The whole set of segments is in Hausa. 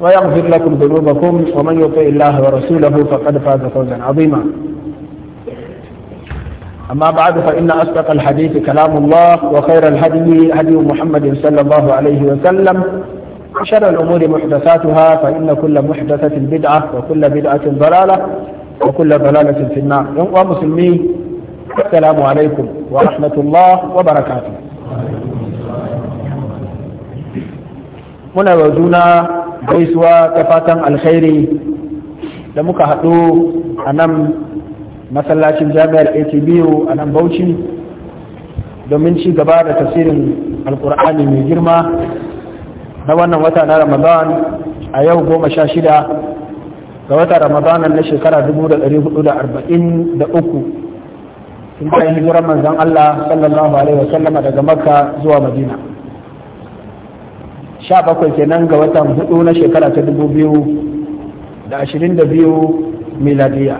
ويغفر لكم ذنوبكم ومن يطع الله ورسوله فقد فاز فوزا عظيما أما بعد فإن أصدق الحديث كلام الله وخير الهدي هدي محمد صلى الله عليه وسلم وشر الأمور محدثاتها فإن كل محدثة بدعة وكل بدعة ضلالة وكل ضلالة في النار ومسلمين السلام عليكم ورحمة الله وبركاته muna wa gaisuwa ta fatan alkhairi da muka haɗu a nan masallacin jami'ar atbu a nan bauchi domin ci gaba da tasirin alkur'ani mai girma na wannan wata na ramadan a yau goma sha shida ga wata ramadanan na shekara 1443 sun kai yi hijirar manzan allah sallallahu alaihi wasallama daga makka zuwa madina 17 bakwai kenan ga watan hudu na shekara ta dubu da biyu miladiya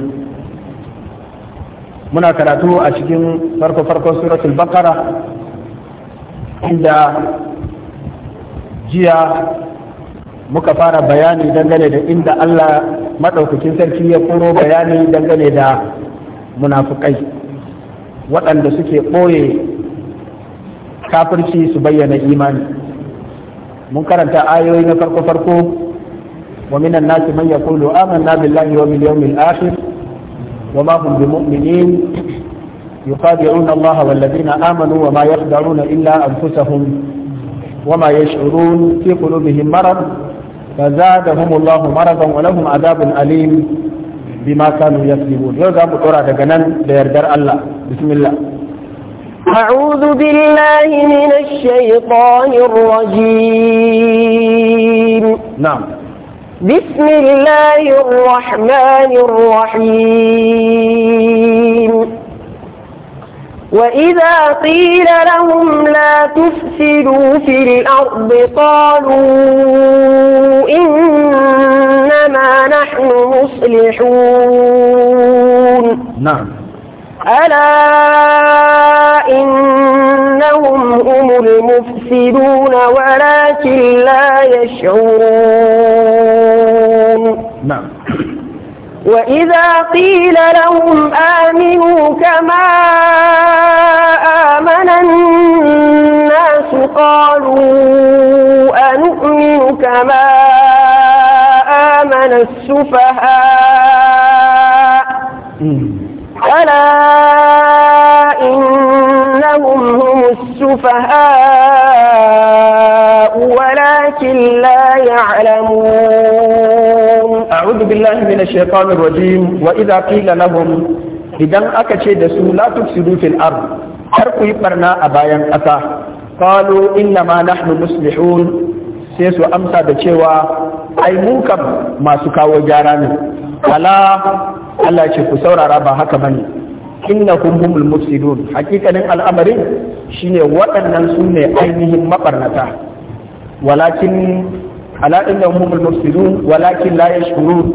muna karatu a cikin farko farkon suratul bakara inda jiya muka fara bayani dangane da inda allah maɗaukakin sarki ya koro bayani dangane da munafukai waɗanda suke ɓoye kafirci su bayyana imani mun karanta ayoyi na farko farko wa minan nasi man yaqulu amanna billahi wa bil yawmil akhir wa ma hum bimu'minin يخادعون الله والذين آمنوا وما يخدعون إلا أنفسهم وما يشعرون في قلوبهم مرض فزادهم الله مرضا ولهم عذاب أليم بما كانوا يكذبون يوزع بقرة دقنان بيردر الله بسم الله أعوذ بالله من الشيطان الرجيم نعم بسم الله الرحمن الرحيم وإذا قيل لهم لا تفسدوا في الأرض قالوا إنما نحن مصلحون نعم ألا إنهم هم المفسدون ولكن لا يشعرون نعم وإذا قيل لهم آمنوا كما آمن الناس قالوا أنؤمن كما آمن السفهاء ألا السفهاء ولكن لا يعلمون أعوذ بالله من الشيطان الرجيم وإذا قيل لهم idan aka ce da su la tufsidu fil har ku yi barna a bayan ƙasa qalu inna ma nahnu muslihun sai su amsa da cewa ai masu kawo gyara ne ala Allah ku saurara ba haka bane inna humul mufsidun hakikanin al'amarin shine waɗannan su ne ainihin mabarnata walakin ala inna humul mufsidun walakin la yashkurun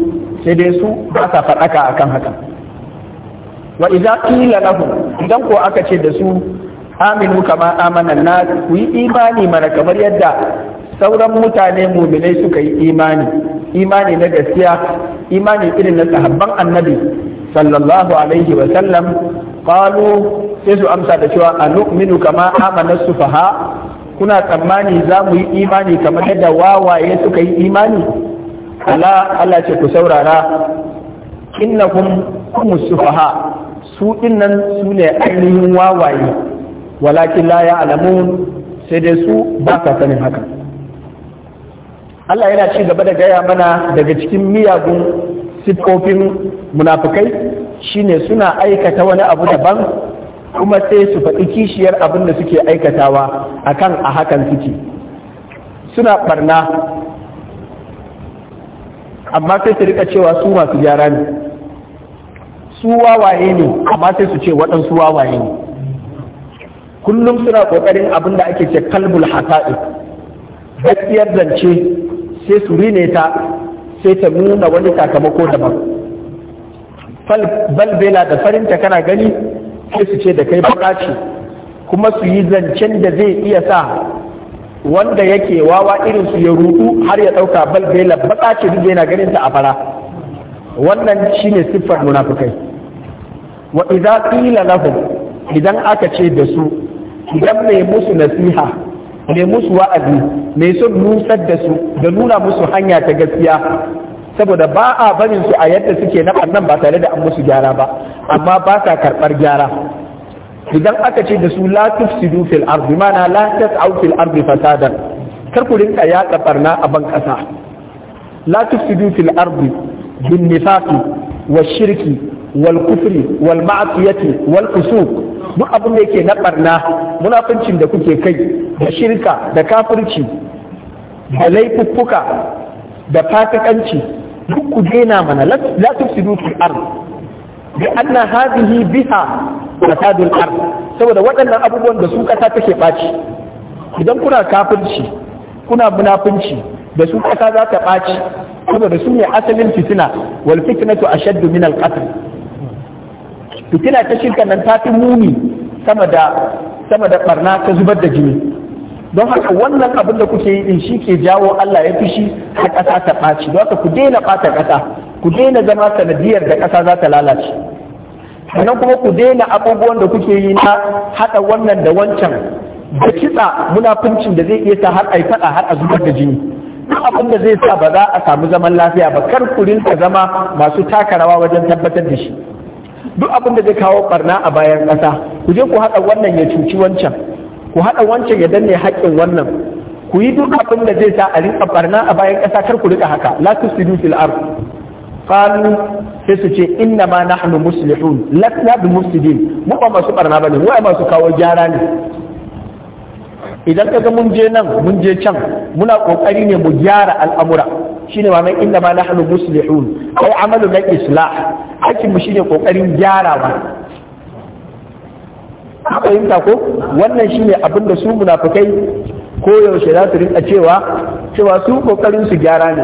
sai dai su ba sa faɗaka akan haka wa idza qila lahum idan ko aka ce da su aminu kama amana nas ku yi imani mana kamar yadda sauran mutane muminai suka yi imani imani na gaskiya imani irin na sahabban annabi sallallahu alaihi wa sallam qalu sai su amsa da cewa anu'minu kama amana sufaha kuna tsammani za mu yi imani kamar yadda wawaye suka yi imani ala Allah ce ku saurara innakum kumus sufaha su dinnan su ne ainihin wawaye walakin la ya'lamun sai dai su ba ka sanin haka Allah yana ci gaba da gaya mana daga cikin miyagun siffofin munafukai shine suna aikata wani abu daban kuma sai su faɗi kishiyar abin da suke aikatawa akan a hakan suke suna ɓarna. amma sai su rika cewa su masu gyara ne su wawaye ne amma sai su ce waɗansu wawaye ne kullum suna ƙoƙarin abin da ake ce kalbul hasa'i gaskiyar zance sai su rine ta sai ta nuna wani sakamako daban bal bela da farinta kana gani sai su ce da kai bukaci kuma su yi zancen da zai iya sa wanda yake wawa irin su ya rudu har ya dauka bal bela bukaci duk yana ganin ta a fara wannan shine siffar munafikai wa idza qila lahum idan aka ce da su idan mai musu nasiha mai musu wa'azi mai son nusar da su da nuna musu hanya ta gaskiya saboda ba a barin su a yadda suke na nan ba tare da an musu gyara ba amma ba sa karɓar gyara idan aka ce da su la tufsidu fil ardi mana la tas'u fil ardi fasadan kar ku rinka yaɗa barna a ban ƙasa la tufsidu fil ardi bin nifaqi wa shirki wal kufri wal ma'asiyati wal fusuq duk abin da yake na barna munafincin da kuke kai da shirka da kafirci da laifuffuka da fasikanci duk ku daina mana la tusidu fil ard bi anna hadhihi biha al ard saboda waɗannan abubuwan da su kasa take baci idan kuna kafirci kuna munafinci da su kasa za ta baci saboda su ne asalin fitina wal fitnatu ashaddu min al qatl fitina ta shirka nan ta fi muni sama da sama barna ta zubar da jini don haka wannan abin da kuke yi din shi ke jawo Allah ya fi shi a ƙasa ta ɓaci don haka ku daina ɓata ƙasa ku daina zama sanadiyar da ƙasa za ta lalace sannan kuma ku daina abubuwan da kuke yi na haɗa wannan da wancan da kitsa munafuncin da zai iya sa har a faɗa har a zubar da jini duk abin da zai sa ba za a samu zaman lafiya ba kar ku rinka zama masu taka rawa wajen tabbatar da shi duk abin da zai kawo barna a bayan ƙasa ku je ku haɗa wannan ya cuci wancan ku haɗa wancan ya danne haƙƙin wannan ku yi duk abin da zai sa a rinka barna a bayan ƙasa kar ku rika haka la tusidu fil ard qalu sai su ce inna ma nahnu muslihun lasna bi mu ba masu barna bane mu ai masu kawo gyara ne idan kaga mun je nan mun je can muna kokari ne mu gyara al'amura shine ma nan inda ma nahnu muslihun ai amalu na islah aikin mu shine kokarin ba a fahimta ko wannan shine abin da su munafikai koyaushe za su rinka cewa cewa su kokarin su gyara ne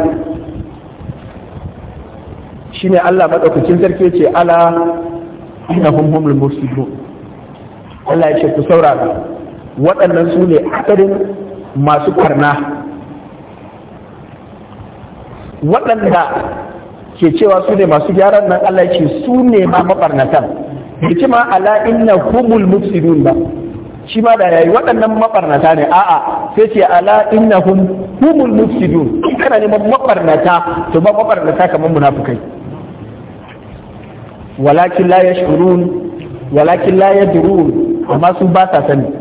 shine Allah madaukakin sarki ce ala innahum humul muslimun Allah ya ce ku saurara waɗannan su ne asalin masu karna waɗanda ke cewa su ne masu gyaran nan Allah ke su ne ma mabarnatan bai ma ala inna humul mufsidun ba shi ma da yayi waɗannan mabarnata ne a'a sai ce ala innahum humul mufsidun kana neman mabarnata to ba mabarnata kamar munafukai walakin la yashurun walakin la yadrun amma su ba sa sani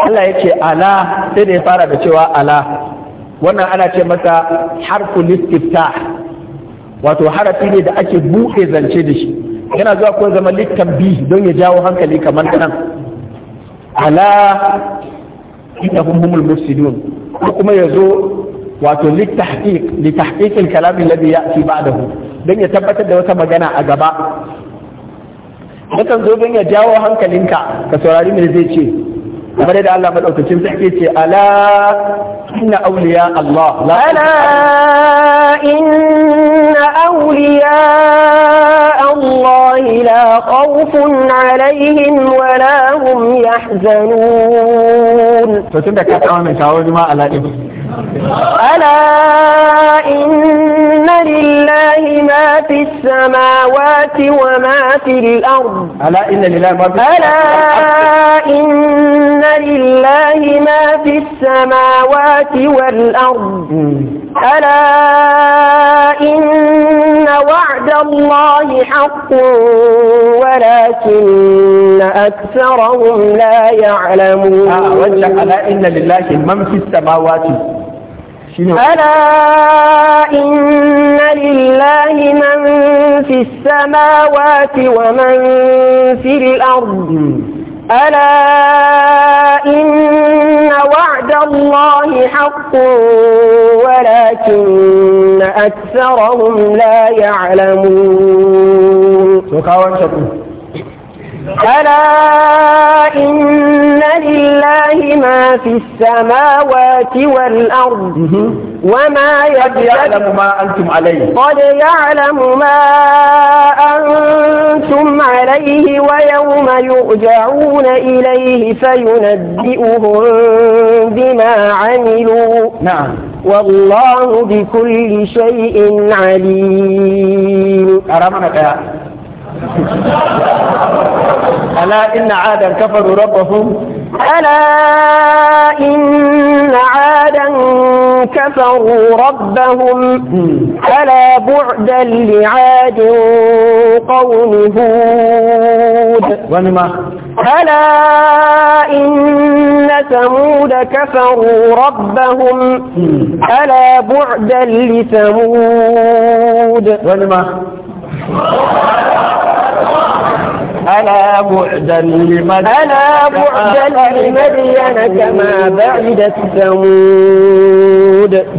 Allah ya ce ala sai da ya fara da cewa ala wannan ana ce masa harful istiftah wato harafi ne da ake buɗe zance da shi yana zuwa ko zama littambi don ya jawo hankali kamar nan ala innahum humul mufsidun kuma ya zo wato litahqiq litahqiq al-kalam alladhi ya'ti ba'dahu don ya tabbatar da wata magana a gaba yakan zo don ya jawo hankalinka ka saurari me zai ce kamar yadda Allah madaukakin sarki ce ala inna awliya Allah la ala inna awliya Allah الله لا خوف عليهم ولا هم يحزنون ألا إن لله ما في السماوات وما في الأرض ألا إن لله ما في السماوات ألا إن لله ما في السماوات والأرض ألا إن وعد الله حق ولكن أكثرهم لا يعلمون آه وجه ألا إن لله من في السماوات ألا إن لله من في السماوات ومن في الأرض ألا إن وعد الله حق ولكن أكثرهم لا يعلمون ألا إن لله ما في السماوات والأرض وما يعلم ما أنتم عليه قد يعلم ما أنتم عليه ويوم يرجعون إليه فينبئهم بما عملوا نعم والله بكل شيء عليم أرامنا يا ألا إن عادا كفروا ربهم ألا إن عادا كفروا ربهم ألا بعدا لعاد قوم هود ونما ألا إن ثمود كفروا ربهم ألا بعدا لثمود ونما ألا بعدا لمدين ألا بعدا لمدين كما بعدت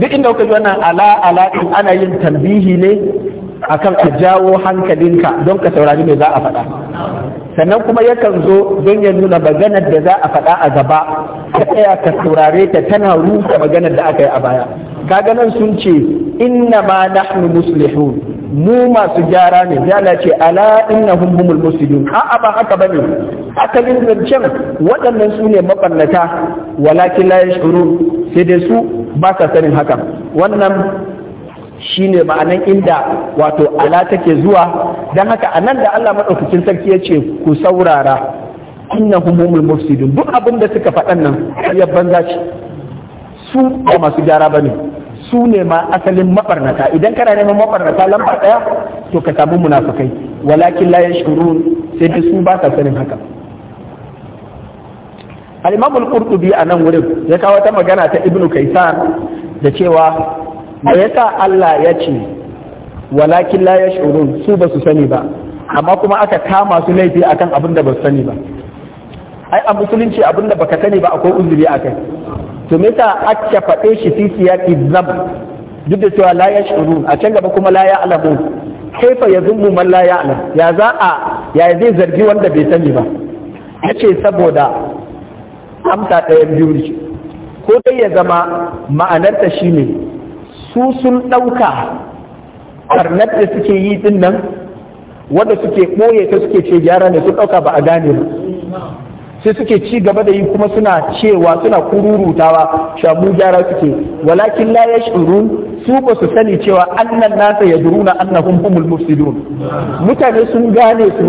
duk inda kuka ji wannan ala ala in ana yin tambihi ne akan ka jawo hankalinka don ka saurari me za a faɗa sannan kuma yakan zo don ya nuna maganar da za a faɗa a gaba ka tsaya ka saurare ta tana rufe maganar da aka yi a baya kaga nan sun ce inna ma nahnu muslihun mu masu gyara ne ya ce ala innahum humul muslimin a ba haka bane akalin zancen waɗannan su ne mabannata walakin la yashurun sai dai su ba sa sanin haka wannan shine ma'anan inda wato ala take zuwa dan haka anan da Allah madaukakin sarki ya ce ku saurara innahum humul mufsidun duk abin da suka faɗan nan ya banza su ba masu gyara bane su ne ma asalin mabarnata idan kana neman mabarnata lamba ɗaya to ka samu munafukai walakin la yashurun sai dai su ba ka sanin haka al-imam al-qurtubi a nan wurin ya kawo ta magana ta ibnu kaisan da cewa me yasa Allah ya ce walakin la yashurun su ba su sani ba amma kuma aka kama su laifi akan abin da ba su sani ba ai a musulunci abin da baka sani ba akwai uzuri akai to me yasa aka faɗe shi fi siyaqi zab duk da cewa la yashurun a can gaba kuma la ya'lamun kaifa yazummu man la ya'lam ya za a ya zai zargi wanda bai sani ba yace saboda amsa ɗayan biyu ne ko dai ya zama ma'anar ma'anarta shine su sun ɗauka karnar da suke yi dinnan nan wanda suke ɓoye ta suke ce gyara ne su ɗauka ba a gane ba sai suke ci gaba da yi kuma suna cewa suna kururutawa shabu gyara suke walakin la yash'urun su ba su sani cewa annan nasa yadruna annahum humul mufsidun mutane sun gane su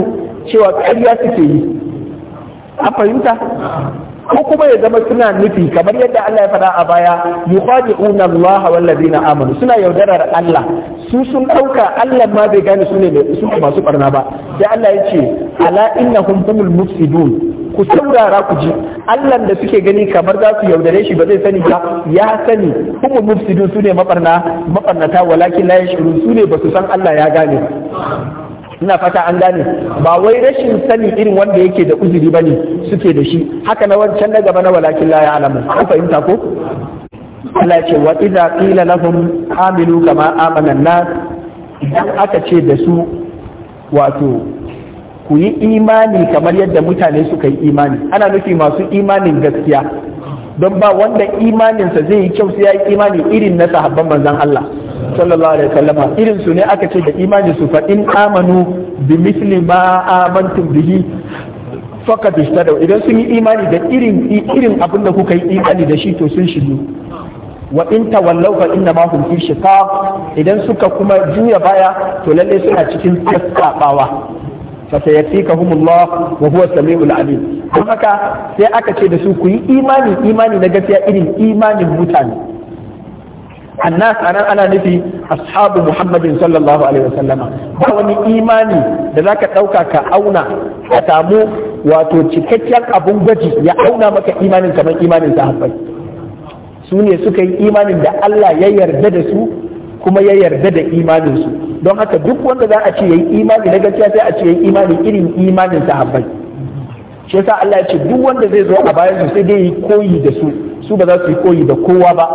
cewa ƙarya suke yi a fahimta ko kuma ya zama suna nufi kamar yadda Allah ya faɗa a baya yukhadi'una Allah wal ladina amanu suna yaudarar Allah su sun dauka Allah ma bai gane su ne su masu barna ba sai Allah ya ce ala innahum humul mufsidun ku saurara ku ji allah da suke gani kamar za su yaudare shi ba zai sani ba ya sani kuma mufsidun su ne mabarna mabarnata walakin la yashuru su ba su san Allah ya gane ina fata an gane ba wai rashin sani irin wanda yake da uzuri bane suke da shi haka na wancan na gaba na walakin la ya'lamu ku fahimta ko Allah ya ce wa idza qila lahum aminu kama amana nas idan aka ce da su wato ku yi imani kamar yadda mutane suka yi imani ana nufi masu imanin gaskiya don ba wanda imaninsa zai yi kyau sai ya yi imani irin na sahabban manzon Allah sallallahu alaihi wasallam irin su ne aka ce da imani su fa in amanu bi misli ma amantum bihi faqad idan sun yi imani da irin irin abin da kuka yi imani da shi to sun shigo wa in tawallaw fa inna ma hum fi shiqaq idan suka kuma juya baya to lalle suna cikin kaskabawa fasayyatikahumullah wa huwa samiul alim don haka sai aka ce da su ku yi imani imani na gaskiya irin imanin mutane annas anan ana nufi ashabu muhammadin sallallahu alaihi wasallam ba wani imani da zaka dauka ka auna ka samu wato cikakken abun gwaji ya auna maka imanin kamar imanin sahabbai su ne suka yi imanin da Allah ya yarda da su kuma ya yarda da imaninsu don haka duk wanda za a ce yayi imani na gaskiya sai a ce yayi imani irin imanin sahabbai shi yasa Allah ya ce duk wanda zai zo a bayan su sai dai yi koyi da su su ba za su yi koyi da kowa ba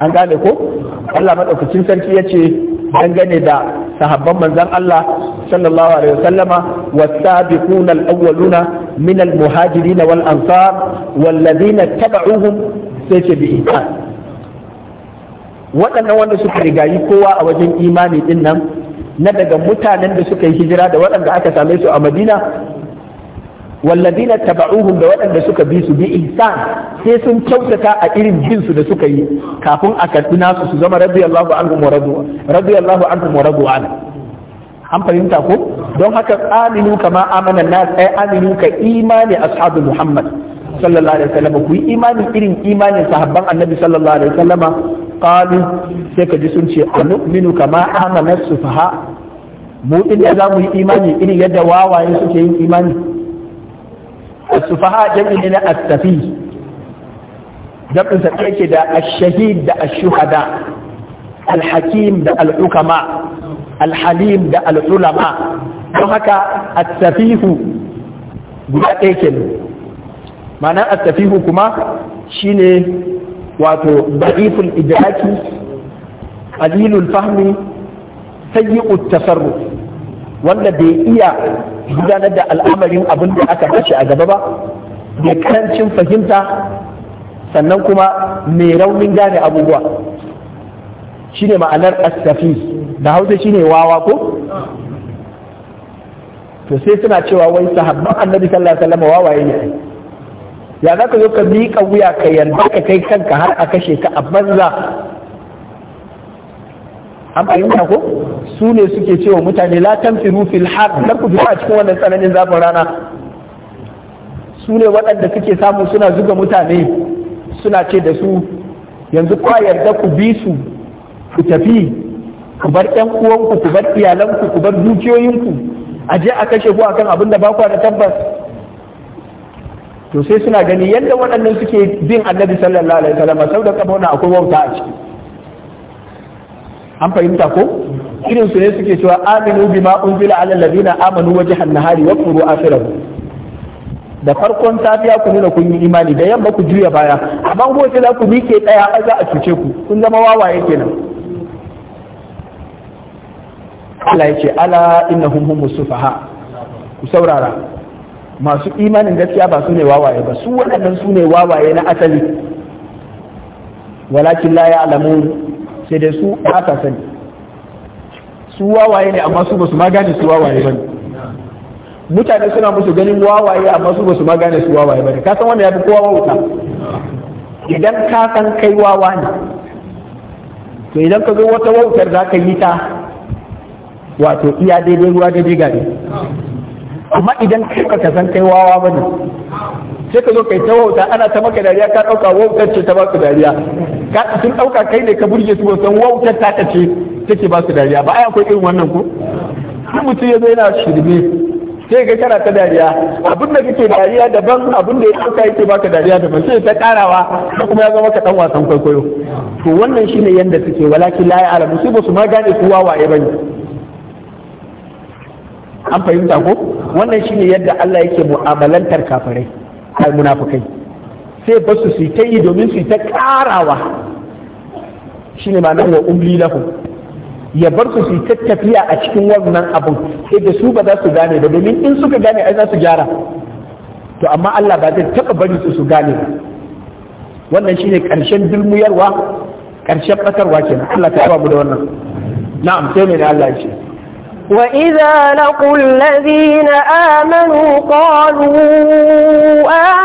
an gane ko Allah madaukakin sarki ya ce dangane da sahabban manzon Allah sallallahu alaihi wasallama wasabiquna alawwaluna min almuhajirin wal ansar wal ladina tabauhum sai ce bi ihsan waɗannan wanda suka rigayi kowa a wajen imani din nan na daga mutanen da suka yi hijira da waɗanda aka same su a madina والذين taba'uhum da waɗanda suka bi su bi ihsan sai sun kyautata a irin bin su da suka yi kafin a karɓi nasu su zama radiyallahu anhum wa radu radiyallahu anhum wa radu an fahimta ko don haka aminu kama amana nas ay aminu ka imani ashabu muhammad sallallahu alaihi wasallam ku yi imani irin imanin sahabban annabi sallallahu alaihi wasallama qalu sai ka ji sun ce anu'minu kama amana sufaha mu inda za mu yi imani irin yadda wawaye suke yin imani sufaha jami'i ne na astafi jami'in sa yake da ash-shahid da ash-shuhada al-hakim da al-hukama al-halim da al-ulama don haka tafihu guda ɗaya kenan ma'anar tafihu kuma shine wato da'iful idraki qalilul fahmi sayyi'ut tasarruf wanda bai iya gudanar da al'amarin abin da aka bashi a gaba ba mai karancin fahimta sannan kuma mai raunin gane abubuwa shine ma'anar astafi da hausa shine wawa ko to sai suna cewa wai sahabban annabi sallallahu alaihi wasallam wawaye ne ya za ka zo ka miƙa wuya ka yarda ka kai kanka har a kashe ka a banza an fahimta ko su ne suke cewa mutane la tanfiru fil har kar ku a cikin wannan tsananin zafin rana su ne waɗanda suke samu suna zuga mutane suna ce da su yanzu kwa yarda ku bi su ku tafi ku bar ƴan uwanku ku bar iyalanku ku bar dukiyoyinku a je a kashe ku akan abin da ba da tabbas to sai suna gani yadda waɗannan suke bin annabi sallallahu alaihi wasallam sau da kafa wannan akwai wauta a ciki an fahimta ko irin su ne suke cewa aminu bima unzila ala na amanu wajhan nahari wa quru akhirahu da farkon safiya ku nuna kun yi imani da yamma ku juya baya amma gobe za ku mike ɗaya a za a cuce ku kun zama wawaye kenan Allah ya ce ala innahum hum sufaha ku saurara masu imanin gaskiya ba su ne wawaye ba su waɗannan su ne wawaye na asali walakin la ya'lamun sai dai su aka ta sani su wawaye ne amma su ba ma gane su wawaye ba mutane suna musu ganin wawaye amma su basu ma gane su wawaye ba ka san wanda ya fi kowa wauta idan ka san kai wawa ne to idan ka zo wata wautar za ka yi ta wato iya daidai ruwa daidai gari amma idan kai baka san kai wawa bane sai ka zo kai ta wauta ana ta maka dariya ka dauka wautar ce ta baka dariya ka sun dauka kai ne ka burge su san wautar ta ta ce take ba su dariya ba ai akwai irin wannan ko sai mutum ya zo yana shirme sai ga kana ta dariya abin da kake dariya daban abin da ya dauka yake baka dariya daban sai ta karawa da kuma ya zama ka dan wasan kwaikwayo to wannan shine yanda take walakin la ya'lamu alamu ba su ma gane su wawaye bane an fahimta ko wannan shine yadda Allah yake mu'amalantar kafirai al munafikai sai ba su su ta yi domin su ta karawa shine ma nan wa umli lahum ya bar su su ta tafiya a cikin wannan abun sai da su ba za su gane ba domin in suka gane ai za su gyara to amma Allah ba zai taba bari su su gane ba wannan shine karshen dulmuyarwa karshen batarwa kenan Allah ta yaba mu da wannan na'am sai ne da Allah ya ce وإذا لقوا الذين آمنوا قالوا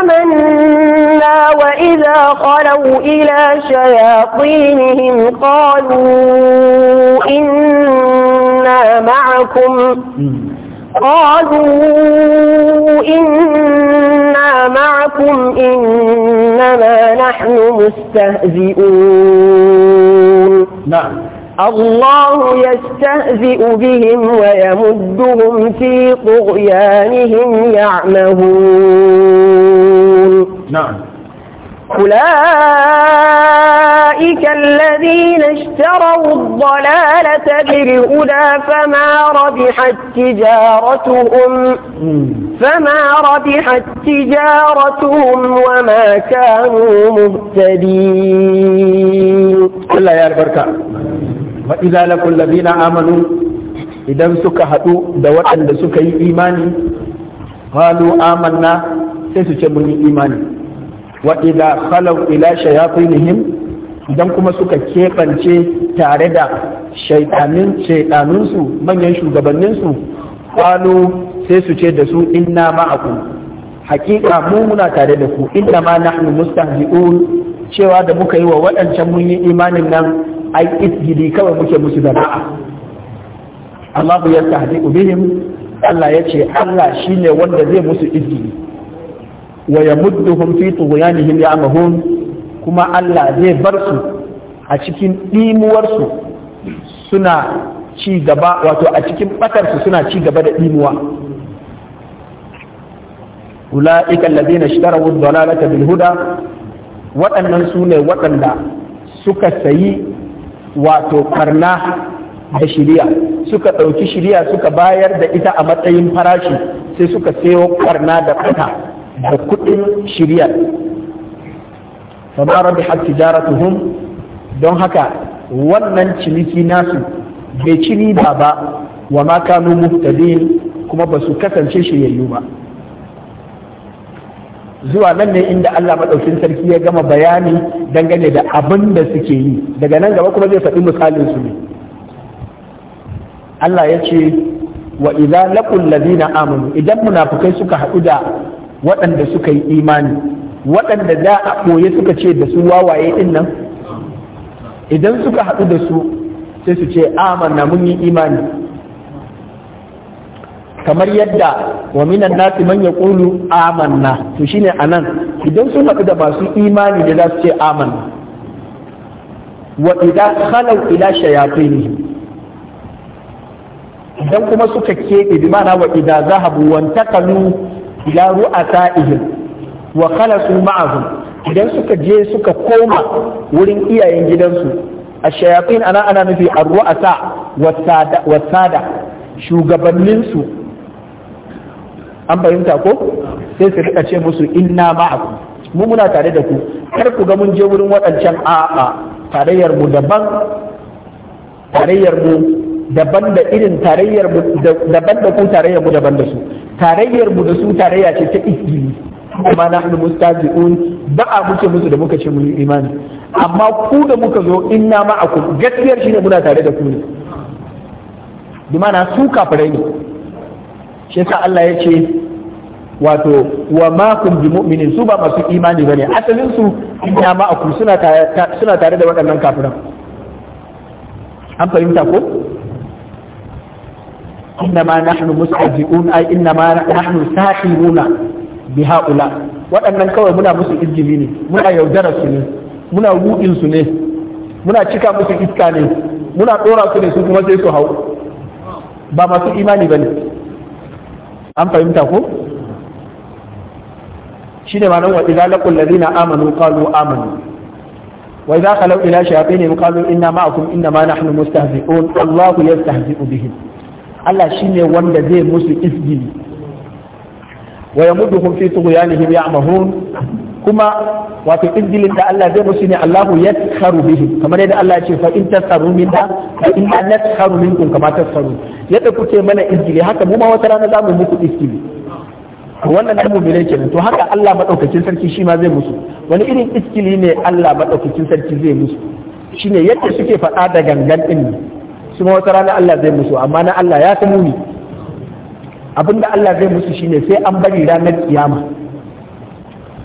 آمنا وإذا خلوا إلى شياطينهم قالوا إنا معكم قالوا إنا معكم إنما نحن مستهزئون نعم الله يستهزئ بهم ويمدهم في طغيانهم يعمهون نعم أولئك الذين اشتروا الضلالة بالهدى فما ربحت تجارتهم فما ربحت تجارتهم وما كانوا مهتدين الله يا البركة wa idza lakul ladina amanu idan suka haɗu da waɗanda suka yi imani qalu amanna sai su ce mun yi imani wa idza khalaw ila shayatinihim idan kuma suka keɓance tare da shaidanin manyan shugabanninsu qalu sai su ce da su inna ma'akum hakika mu muna tare da ku inna ma nahnu mustahzi'un cewa da muka yi wa waɗancan mun yi imanin nan ai isgidi kawai muke musu da ba'a Allah ya tahdiqu bihim Allah ya ce Allah shine wanda zai musu isgidi wa yamudduhum fi tughyanihim ya'mahun kuma Allah zai bar su a cikin ɗimuwarsu suna ci gaba wato a cikin ɓatarsu suna ci gaba da dimuwa ula'ika alladhina ishtarawu ad-dalalata bil huda waɗannan su ne waɗanda suka sayi wato karna da shirya suka ɗauki shirya suka bayar da ita a matsayin farashi sai suka sayo karna da fata da kuɗin shirya fama rabi tuhum, don haka wannan ciniki nasu bai ci riba ba wa ma kanu kuma ba su kasance shiryayyu ba zuwa nan ne inda Allah madaukin sarki ya gama bayani dangane da abin da suke yi daga nan gaba kuma zai faɗi misalin su ne Allah ya ce wa idza laqul ladina amanu idan munafikai suka haɗu da waɗanda suka yi imani waɗanda za a ɓoye suka ce da su wawaye din nan idan suka haɗu da su sai su ce amanna mun yi imani kamar yadda wa minan nasi man yaqulu amanna to shine anan idan sun haɗu da masu imani da za su ce amanna wa idan khalu ila shayatin idan kuma suka ke bi mana wa idan zahabu wa takalu ila ru'asa'ihim wa khalasu ma'ahum idan suka je suka koma wurin iyayen gidansu a shayatin ana ana nufi a ru'asa wa sada shugabanninsu an fahimta ko sai su rika ce musu inna ma'akum mu muna tare da ku kar ku ga mun je wurin waɗancan a'a tarayyar mu daban tarayyar mu daban da irin tarayyar mu daban da ku tarayyar mu daban da su tarayyar mu da su tarayya ce ta izgili kuma nahnu mustaji'un ba a muke musu da muka ce mu imani amma ku da muka zo inna ma'akum gaskiyar shine muna tare da ku ne bi mana su kafirai ne shi yasa Allah ya ce wato wa ma kun bi mu'minin su ba masu imani bane asalin su inna ma aku suna suna tare da waɗannan kafiran an fahimta ko inna ma nahnu mustahzi'un ai inna ma nahnu sahibuna bi haula waɗannan kawai muna musu izgili ne muna yaudara su ne muna ruɗin su ne muna cika musu iska ne muna ɗora su ne su kuma sai su hau ba masu imani bane an fahimta ko shi ne ma'anar wa idza laqul ladina amanu qalu amanu wa idza khalaw ila shayatinihim qalu inna ma'akum inna ma nahnu mustahzi'un Allahu yastahzi'u bihim Allah shine wanda zai musu isgili wa yamudduhum fi tughyanihim ya'mahun kuma wato izgilin da Allah zai musu ne Allahu yaskharu bihim kamar yadda Allah ya ce fa in tasharu minna fa inna naskharu minkum kama tasharu yadda kuke mana izgili haka mu ma wata rana za mu muku To wannan na mu'minai ne to haka Allah madaukakin sarki shi ma zai musu wani irin izgili ne Allah madaukakin sarki zai musu shine yadda suke faɗa da gangan din su ma wata rana Allah zai musu amma na Allah ya fi muni abinda Allah zai musu shine sai an bari ranar kiyama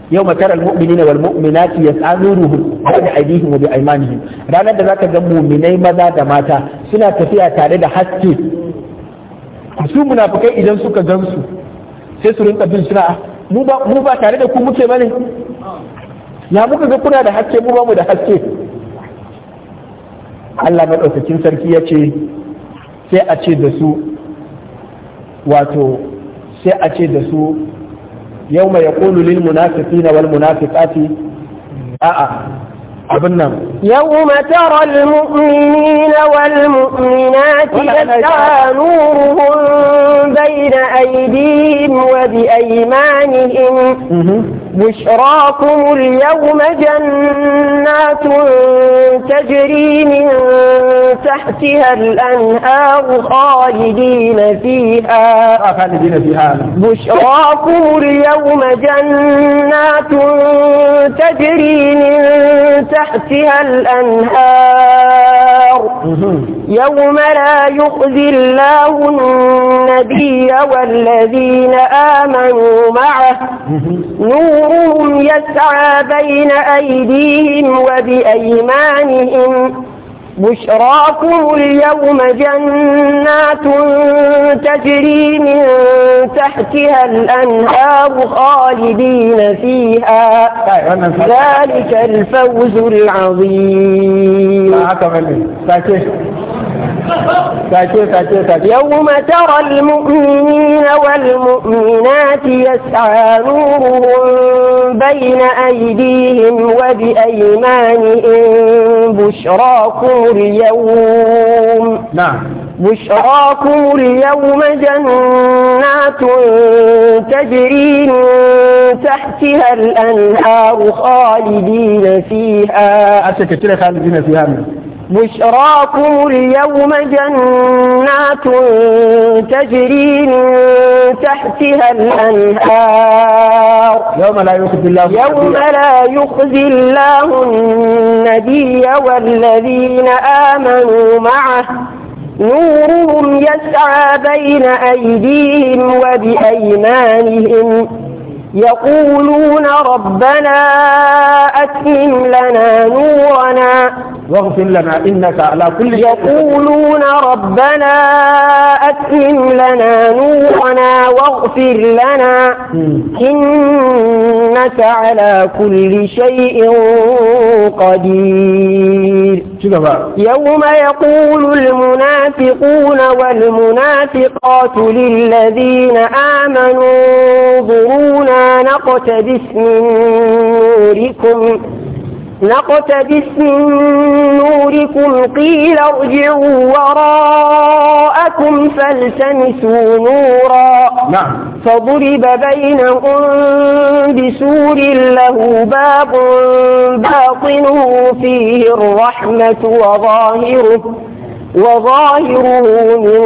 yau matar al-mu'minina wal mu'minati yas'aluruhum bi aydihim wa bi aymanihim ranar da zaka ga mu'minai maza da mata suna tafiya tare da haske su munafikai idan suka gansu sai su rinka bin suna mu ba tare da ku muke bane ya muka ga kuna da haske mu ba mu da haske Allah maɗaukakin sarki ya ce sai a ce da su wato sai a ce da su yau mai ya ƙulu lil munafiqina wal munafiqati a'a أبنى نعم. يوم ترى المؤمنين والمؤمنات يسعى نورهم بين أيديهم وبأيمانهم بشراكم اليوم جنات تجري من تحتها الأنهار خالدين فيها آه، خالدين فيها بشراكم اليوم جنات تجري من تحتها الأنهار يوم لا يخزي الله النبي والذين آمنوا معه نورهم يسعى بين أيديهم وبأيمانهم بشراكم اليوم جنات تجري من تحتها الأنهار خالدين فيها طيب، ذلك الفوز العظيم كاتي كاتي كاتي يوم ترى المؤمنين والمؤمنات يسعى نورهم بين أيديهم وبأيمانهم بشراكم اليوم نعم بشراكم اليوم جنات تجري من تحتها الأنهار خالدين فيها أتكتل خالدين فيها بشراكم اليوم جنات تجري من تحتها الأنهار يوم لا يخزي الله يوم لا يخزي الله النبي والذين آمنوا معه نورهم يسعى بين أيديهم وبأيمانهم يقولون ربنا أتم لنا نورنا واغفر لنا إنك على كل شيء يقولون ربنا أتم لنا نورنا واغفر لنا إنك على كل شيء قدير يوم يقول المنافقون والمنافقات للذين آمنوا انظرونا نقتبس من نوركم نقتبس من نوركم قيل ارجعوا وراءكم فالتمسوا نورا نعم فضرب بينهم بسور له باب باطنه فيه الرحمة وظاهره وظاهره من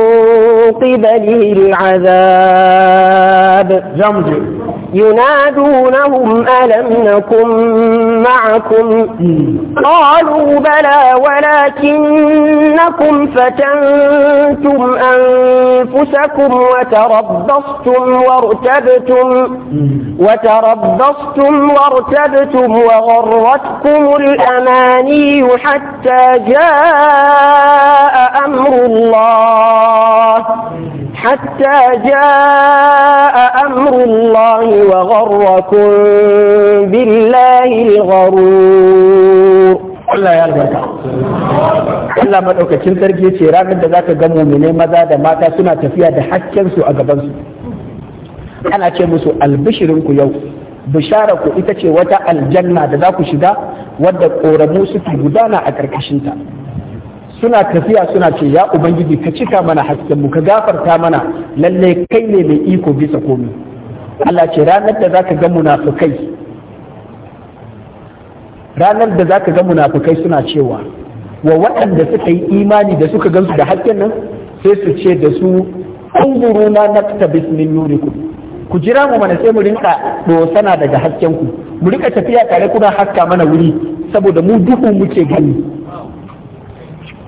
قبله العذاب جمجل ينادونهم ألم نكن معكم قالوا بلى ولكنكم فتنتم أنفسكم وتربصتم وارتبتم وتربصتم وارتبتم وغرتكم الأماني حتى جاء أمر الله حتى جاء أمر الله وغركم بالله الغرور Allah ya albarka. Allah maɗaukacin sarki ce ranar da za ka ga mumine maza da mata suna tafiya da hakkensu a gabansu. Ana ce musu albishirinku yau, bishara ku ita ce wata aljanna da za ku shiga wadda ƙoramu suke gudana a ƙarƙashinta. suna tafiya suna ce ya ubangiji ka cika mana hasken mu ka gafarta mana lalle kai ne mai iko bisa komi Allah ce ranar da zaka ga munafukai ranar da zaka ga munafukai suna cewa wa waɗanda suka yi imani da suka gansu da hasken nan sai su ce da su na naqtabis min nuriku ku jira mu mana sai mu rinka dosana daga hasken ku mu rika tafiya tare kuna haska mana wuri saboda mu duhu muke gani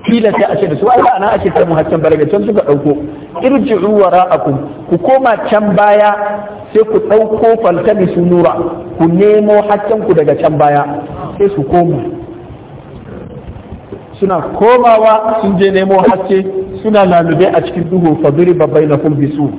kila sai a ce da su ai ana ake samun haccan balaga can suka dauko irji'u wara'akum ku koma can baya sai ku dauko faltami su ku nemo haccan ku daga can baya sai su koma suna komawa sun je nemo haske suna lalube a cikin duhu faduri babbai na bisu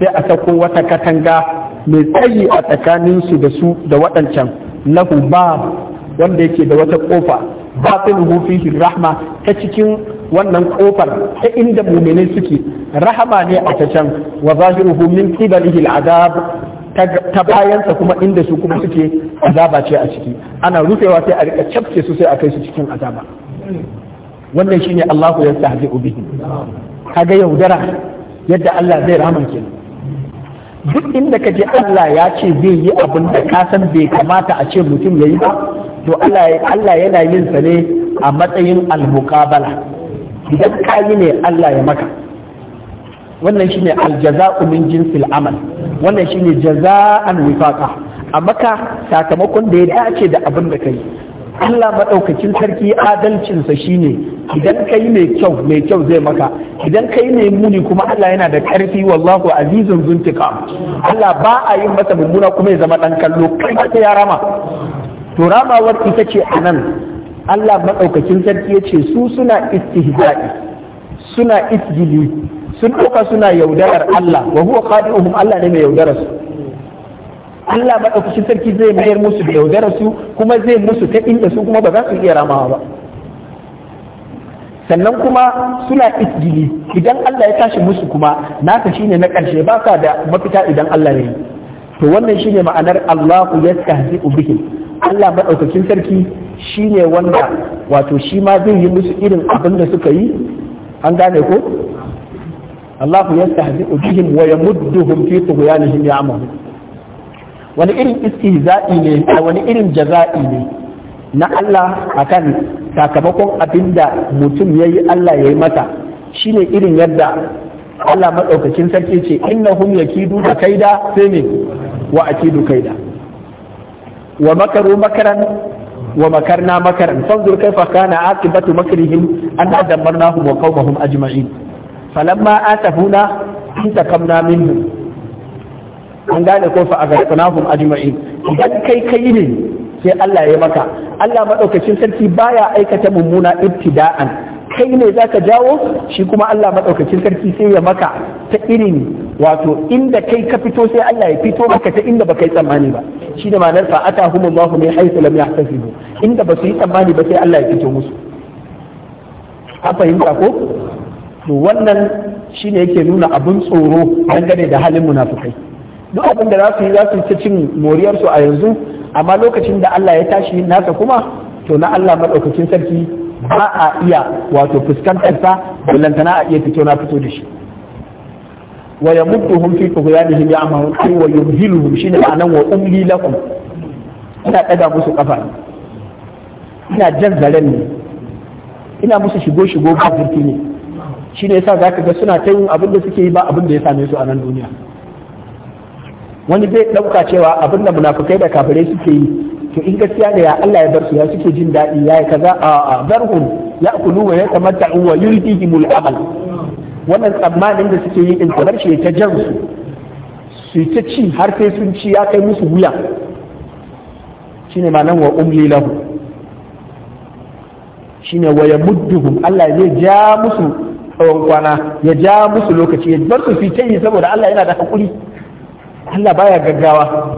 sai a sako wata katanga mai tsayi a tsakaninsu da su da waɗancan lahu ba wanda yake da wata kofa batinuhu fihi rahma ta cikin wannan kofar ta inda mu'minai suke rahama ne a ta can wa zahiruhu min qibalihi al'adab ta bayansa kuma inda su kuma suke azaba ce a ciki ana rufewa sai a rika cafke su sai a kai su cikin azaba wannan shine Allahu yastahzi'u bihi kaga yaudara yadda Allah zai raman kenan duk inda ka je Allah ya ce zai yi abin da ka san bai kamata a ce mutum ya yi ba to Allah yana yin sa ne a matsayin al-muqabala idan ka yi ne Allah ya maka wannan shine al-jaza'u min jinsil amal wannan shine jaza'an wifaqa a maka sakamakon da ya dace da abin da kai Allah maɗaukacin sarki adalcinsa shine idan kai mai kyau mai kyau zai maka idan kai mai muni kuma Allah yana da karfi wallahu azizun zuntika Allah ba a yi masa mummuna kuma ya zama ɗan kallo kai ya rama to ramawar ita ce a nan Allah maɗaukakin sarki ya ce su suna istihza'i suna isgili sun ɗauka suna yaudarar Allah wa huwa qadi'uhum Allah ne mai yaudarar su Allah maɗaukakin sarki zai mayar musu da yaudarar su kuma zai musu ta inda su kuma ba za su iya ramawa ba sannan kuma suna isgili idan Allah ya tashi musu kuma naka shine na ƙarshe ba ka da mafita idan Allah ne to wannan shine ma'anar Allahu yastahzi'u bihim Allah maɗaukakin sarki shi ne wanda wato shi ma zai yi musu irin abin da suka yi an gane ko Allah ya tahzi bihim wa yamudduhum fi tughyanihim ya'mahu wani irin istihza'i ne wani irin jaza'i ne na Allah akan sakamakon da mutum yayi Allah yi mata shine irin yadda Allah maɗaukakin sarki ce innahum yakidu da kaida sai ne wa akidu kaida wa makaru makaran wa makarna makaran fanzur kaifa kana aqibatu makrihim anna dammarnahum wa qaumahum ajma'in falamma atafuna intakamna minhum an gane ko fa agartanahum ajma'in idan kai kai ne sai Allah ya maka Allah madaukakin sarki baya aikata mummuna ibtida'an kai ne zaka jawo shi kuma Allah madaukakin sarki sai ya maka ta irin wato inda kai ka fito sai Allah ya fito maka ta inda baka yi tsammani ba shi da ma'anar fa atahum Allahu min haythu lam yahtasibu inda ba su yi tsammani ba sai Allah ya fito musu a fahimta ko to wannan shine yake nuna abun tsoro dangane da halin munafikai duk abin da za su yi za su ta cin moriyar su a yanzu amma lokacin da Allah ya tashi nasa kuma to na Allah madaukakin sarki ba a iya wato fuskantar sa bulantana a iya fito na fito da shi Waya wa yamudduhum fi tughyanihim ya'mahun ay wa yumhiluhum shine anan wa umli lakum ina ɗaga musu ƙafa, ina jan zaren ne ina musu shigo shigo ba zurfi ne shine yasa ka ga suna ta yin abin da suke yi ba abin da ya same su a nan duniya wani zai ɗauka cewa abin da munafukai da kafirai suke yi to in gaskiya da ya Allah ya bar su ya suke jin daɗi ya yi kaza a zarhun ya kulu wa ya kamata, tamatta wa yulhihimul amal wannan tsammanin da suke yi in kamar shi ta jan su su ta ci har sai sun ci ya kai musu wuya shine ma'anar wa umli lahu shine wa yamudduhum Allah zai ja musu tsawon kwana ya ja musu lokaci ya bar su fita yi saboda Allah yana da hakuri Allah baya gaggawa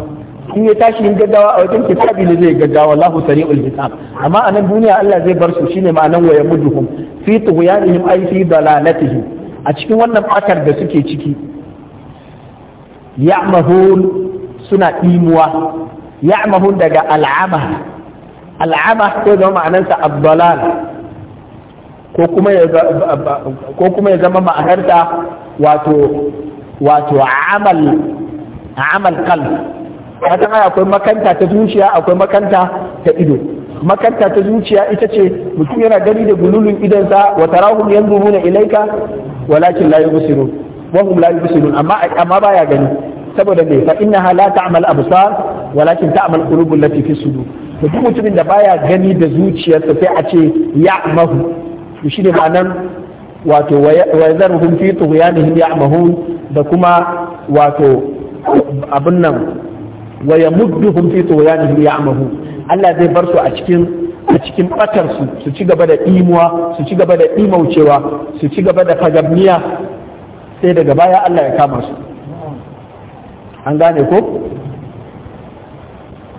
in ya tashi yin gaggawa a wajen kitabi ne zai gaggawa Allahu sari'ul hisab amma a nan duniya Allah zai bar su shine ma'anar wa yamudduhum fi tughyanihim ay fi dalalatihim a cikin wannan fatar da suke ciki mahun suna ɗimuwa mahun daga al'ama al'ama ko zama ma'anarsa abdalal ko kuma ya zama ma'anarsa wato wato amal amal A wata ana akwai makanta ta zuciya akwai makanta ta ido makanta ta zuciya ita ce mutum yana gani da gululun idonsa wa tarahum yanzuruna ilaika walakin la yubsirun wa hum la yubsirun amma amma baya gani saboda me fa innaha la ta'mal absar walakin ta'mal qulubul lati fi sudur to duk mutumin da baya gani da zuciyarsa sai a ce ya'mahu to shine ma'anan wato wa yazaruhum fi tughyanihim ya'mahun da kuma wato abun nan wa yamudduhum fi tughyanihim ya'mahun Allah zai bar su a cikin a cikin batarsu su ci gaba da imuwa su ci gaba da imaucewa su ci gaba da fagabniya sai daga baya Allah ya kama su an gane ko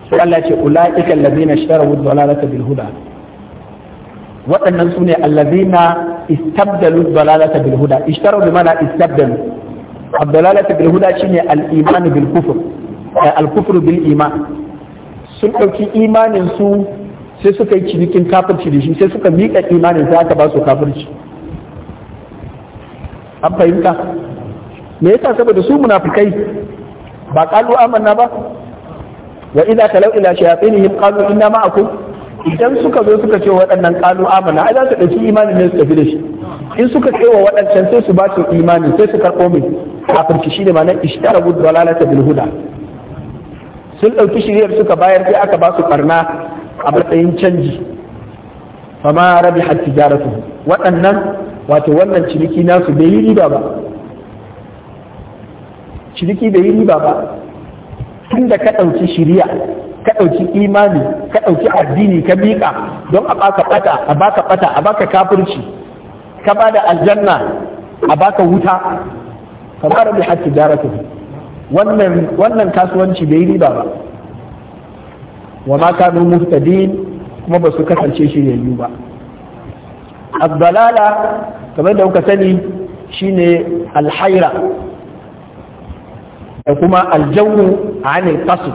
sai Allah ce ula'ika allazina ishtarawu dalalata bil huda waɗannan sune allazina istabdalu ad-dalalata bil huda ishtaraw bi mana istabdalu ad bil huda shine al-iman bil kufr eh, al-kufr bil iman sun dauki imanin su sai suka yi cinikin kafirci da shi sai suka miƙa imanin sai aka ba su kafirci an fahimta me yasa saboda su munafikai ba kalu amanna ba wa idza talaw ila shayatinihim qalu inna ma'akum idan suka zo suka ce waɗannan kalu amanna ai za su ɗauki imanin ne su tafi da shi in suka ce wa waɗancan sai su ba su imanin sai su karɓo mai kafirci shine ma'anar ishtarabu dalalata bil huda sun ɗauki shiriyar suka bayar sai aka ba su ɓarna a matsayin canji fama rabi tijaratu waɗannan wato wannan ciniki nasu bai yi riba ba ciniki bai yi riba ba tun da ka ɗauki shiriya ka ɗauki imani ka ɗauki addini ka miƙa don a baka ɓata a baka ɓata a baka kafirci ka ba da aljanna a baka wuta kamar rabi tijaratu wannan kasuwanci bai riba ba wa ma kanu muhtadin kuma ba su kasance shiryayyu ba abdalala kamar da kuka sani shine alhaira da kuma aljawu anil fasu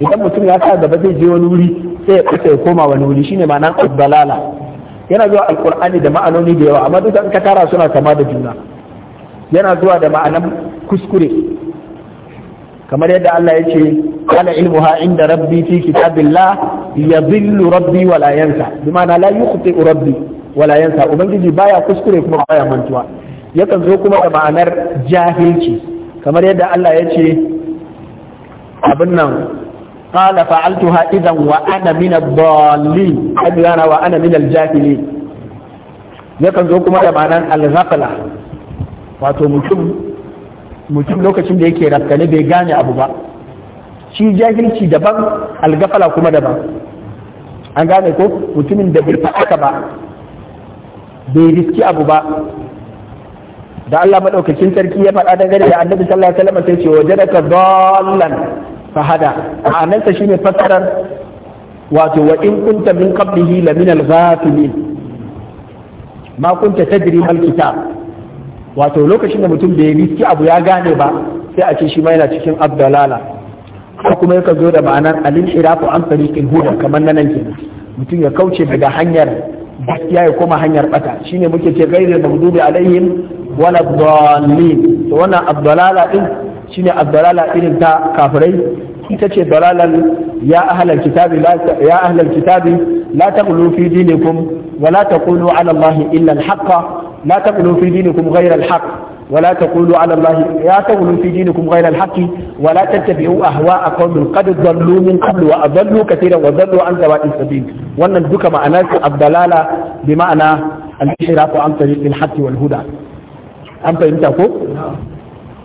idan mutum ya sa gaba zai je wani wuri sai ya kusa ya koma wani wuri shine ma'anar abdalala yana zuwa alkur'ani da ma'anoni da yawa amma duk an ka tara suna kama da juna yana zuwa da ma'anan kuskure kamar yadda Allah ya ce kana ilmuha inda rabbi fi kitabillah yadhillu rabbi wa la yansa bima'ana la yukhti rabbi wa la yansa ubangiji baya kuskure kuma baya mantuwa yakan zo kuma da ma'anar jahilci kamar yadda Allah ya ce abin nan qala fa'altuha idan wa ana min ad-dallin adana wa ana min al-jahilin yakan zo kuma da ma'anar al-ghafla wato mutum mutum lokacin da yake rafkane bai gane abu ba shi jahilci daban algafala kuma daban an gane ko mutumin da bai faɗaka ba bai riski abu ba da Allah madaukakin sarki ya faɗa dangane da annabi sallallahu alaihi wasallam sai ce wajadaka fahada ma'anarsa shine fasarar wato wa in kunta min qablihi la min al ma kunta tadri mal kitab wato lokacin da mutum bai riski abu ya gane ba sai a ce shi ma yana cikin abdalala ko kuma yakan zo da ma'anar alin irafu an fariqin huda kamar nan kenan mutum ya kauce daga hanyar gaskiya ya koma hanyar bata shine muke ce da maghdubi alaihim wala dallin to wannan abdalala din shine abdalala irin ta kafirai ita ce dalalan ya ahlal kitabi la ya ahlal kitabi la taqulu fi dinikum wa la taqulu ala allahi illa al-haqqa la taqulu fi dinikum ghayra al-haq ولا تقولوا على الله يا تقولوا في دينكم غير الحق ولا تتبعوا اهواء قوم قد ضلوا من قبل واضلوا كثيرا وضلوا عن سواء السبيل wannan duka ma'ana su abdalala bi ma'ana al-ishraku an an fahimta ko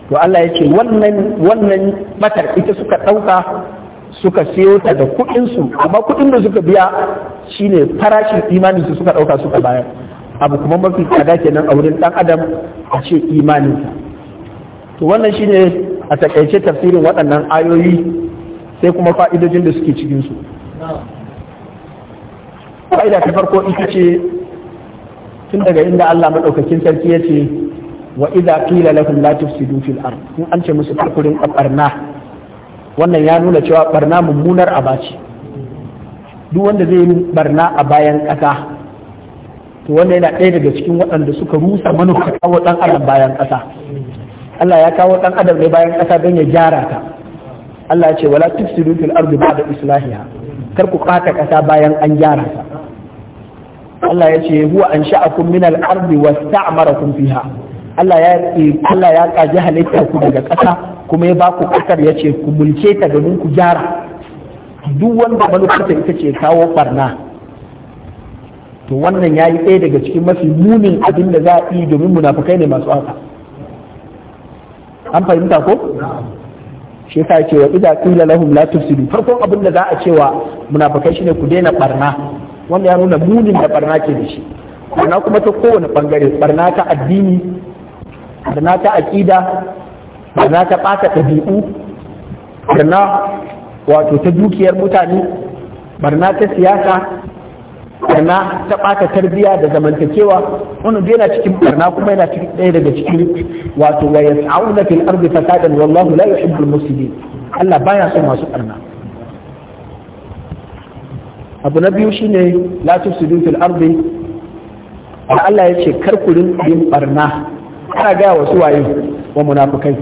to Allah yake wannan wannan matar ita suka ɗauka suka siyo ta da kuɗinsu amma kuɗin da suka biya shine farashin imanin su suka ɗauka suka bayar abu kuma mafi tsada kenan a wurin dan adam a ce imaninsa to wannan shine a takaice tafsirin waɗannan ayoyi sai kuma fa'idojin da suke cikin su fa'ida ta farko ita ce tun daga inda Allah madaukakin sarki ya ce wa idza qila lahum la tufsidu fil ard in an ce musu farkurin barna wannan ya nuna cewa barna mummunar abaci duk wanda zai yi ɓarna a bayan ƙasa to wannan yana ɗaya daga cikin waɗanda suka rusa manufa kawo ɗan adam bayan ƙasa Allah ya kawo ɗan adam ne bayan ƙasa don ya gyara ta Allah ya ce wala tufsidu fil ardi ba'da islahiha kar ku ɓata ƙasa bayan an gyara ta Allah ya ce huwa ansha'akum min al-ardi wasta'marakum fiha Allah ya Allah ya kaji halitta ku daga ƙasa kuma ya ba ku ƙasar ya ce ku mulke ta domin ku gyara duk wanda manufarta ita ce kawo barna to wannan ya yi ɗaya daga cikin mafi munin abin da za a yi domin munafukai ne masu haka an fahimta ko shi yasa cewa idza kila lahum la tufsidu farkon abin da za a cewa munafukai shine ku daina barna wanda ya nuna munin da barna ke da shi barna kuma ta kowane bangare barna ta addini barna ta aqida barna ta ɓata ɗabi'u barna wato ta dukiyar mutane barna ta siyasa barna ta ɓata tarbiyya da zamantakewa wannan yana cikin barna kuma yana cikin ɗaya daga cikin wato wa na fil ardi fasadan wallahu la yuhibbul mufsidin Allah baya son masu barna abu na biyu shine la tufsidu fil arzi da Allah ya ce kar ku yin barna ana gaya wasu waye wa munafukai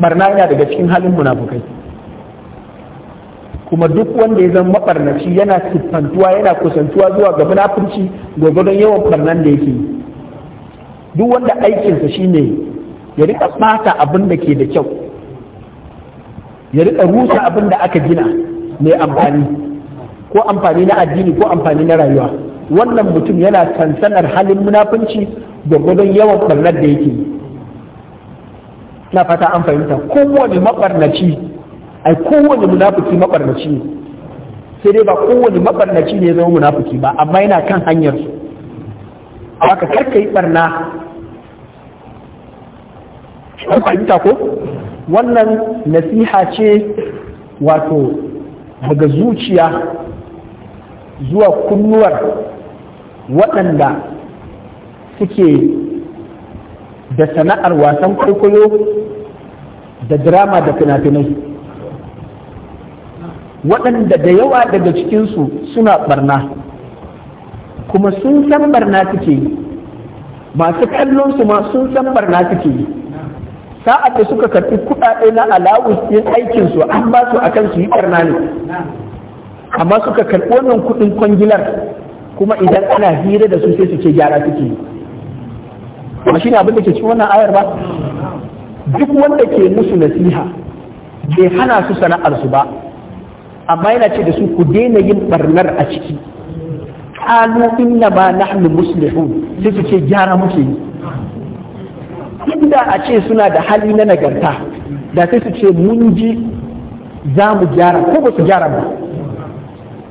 barna yana daga cikin halin munafukai kuma duk wanda ya zama mabarnaci yana siffantuwa yana kusantuwa zuwa ga munafurci gwagwadon yawan barnan da yake duk wanda aikinsa shine ya rika ɓata abin da ke da kyau ya rika rusa abin da aka gina mai amfani ko amfani na addini ko amfani na rayuwa wannan mutum yana sansanar halin munafunci gwagwadon yawan barnar da yake na fata an fahimta kowane mabarnaci ai kowane munafiki mabarnaci ne sai dai ba kowane mabarnaci ne ya zama munafiki ba amma yana kan hanyar su haka karka yi barna an fahimta ko wannan nasiha ce wato daga zuciya zuwa kunnuwar waɗanda suke da sana'ar wasan kwaikwayo da drama da fina-finai waɗanda da yawa daga cikinsu suna barna kuma sun san barna suke yi masu kallonsu ma sun san barna suke yi sa'ad da suka karɓi kuɗaɗe na alawus ɗin aikinsu an ba su akan su yi barna ne amma suka karɓi wannan kuɗin kwangilar kuma idan ana hira da su sai su ce gyara suke yi shi ne abin da ke cikin wannan ayar ba duk wanda ke musu nasiha bai hana su sana'arsu ba amma yana ce da su ku daina yin barnar a ciki qalu inna ma nahnu muslihun sai su ce gyara muke yi inda a ce suna da hali na nagarta da sai su ce mun ji za mu gyara ko ba su gyara ba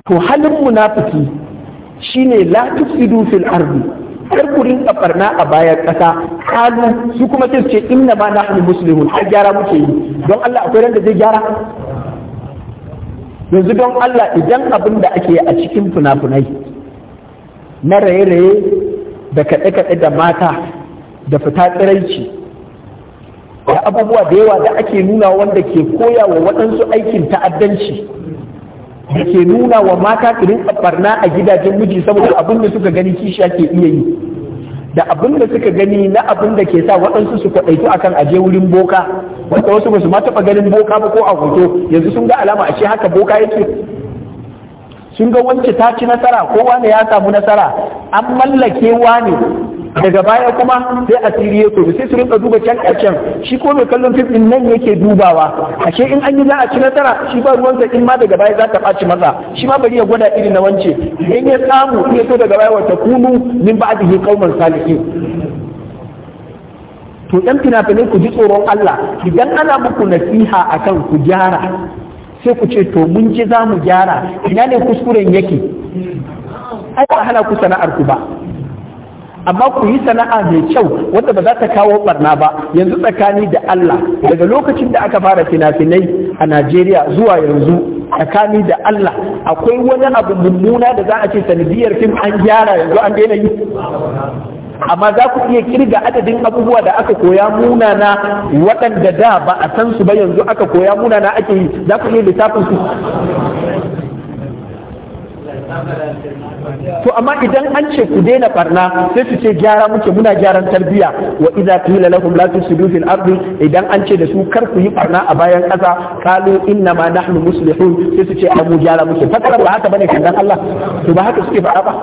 to halin munafiki shine la tufsidu fil ardi har ku rinka barna a bayan ƙasa kalu su kuma sai su ce inna ma nahnu muslihun har gyara muke yi don Allah akwai ran da zai gyara yanzu don Allah idan abin da ake a cikin fina-finai na raye-raye da kaɗe-kaɗe da mata da fita tsiraici da abubuwa da yawa da ake nuna wanda ke koya wa waɗansu aikin ta'addanci da ke nuna wa mata irin ɓarna a gidajen miji saboda abin da suka gani kisha ke iya yi da abin da suka gani na abin da ke sa waɗansu su kwaɗaitu akan aje wurin boka wanda wasu ba su ma taɓa ganin boka ba ko a hoto yanzu sun ga alama a ce haka boka yake sun ga wance ta ci nasara ko wane ya samu nasara an mallake ne. daga baya kuma sai asiri ya koyi sai su rinka duba can can. shi ko mai kallon fim din nan yake dubawa ashe in an yi za a ci nasara shi ba ruwansa in ma daga baya za ta ɓaci masa shi ma bari ya gwada irin na wance in ya samu in ya so daga baya wata kunu min ba'dihi qauman salihin to ɗan fina-finai ku ji tsoron Allah idan ana muku nasiha akan ku gyara sai ku ce to mun ji za mu gyara ina ne kuskuren yake ai ba hana ku sana'ar ku ba amma ku yi sana'a mai kyau wanda ba za ta kawo barna ba yanzu tsakani da Allah daga lokacin da aka fara fina-finai a Najeriya zuwa yanzu tsakani da Allah akwai wani abu mummuna da za a ce sanadiyar fim an gyara yanzu an daina yi amma za ku iya kirga adadin abubuwa da aka koya munana waɗanda da ba a san su ba yanzu aka koya munana ake yi za ku iya lissafin su to amma idan an ce ku daina barna sai su ce gyara muke muna gyaran tarbiya wa idza qila lahum la tusidu fil ardi idan an ce da su kar ku yi barna a bayan ƙasa qalu inna ma nahnu muslihun sai su ce mu gyara muke fakar ba haka bane kan Allah to ba haka suke faɗa ba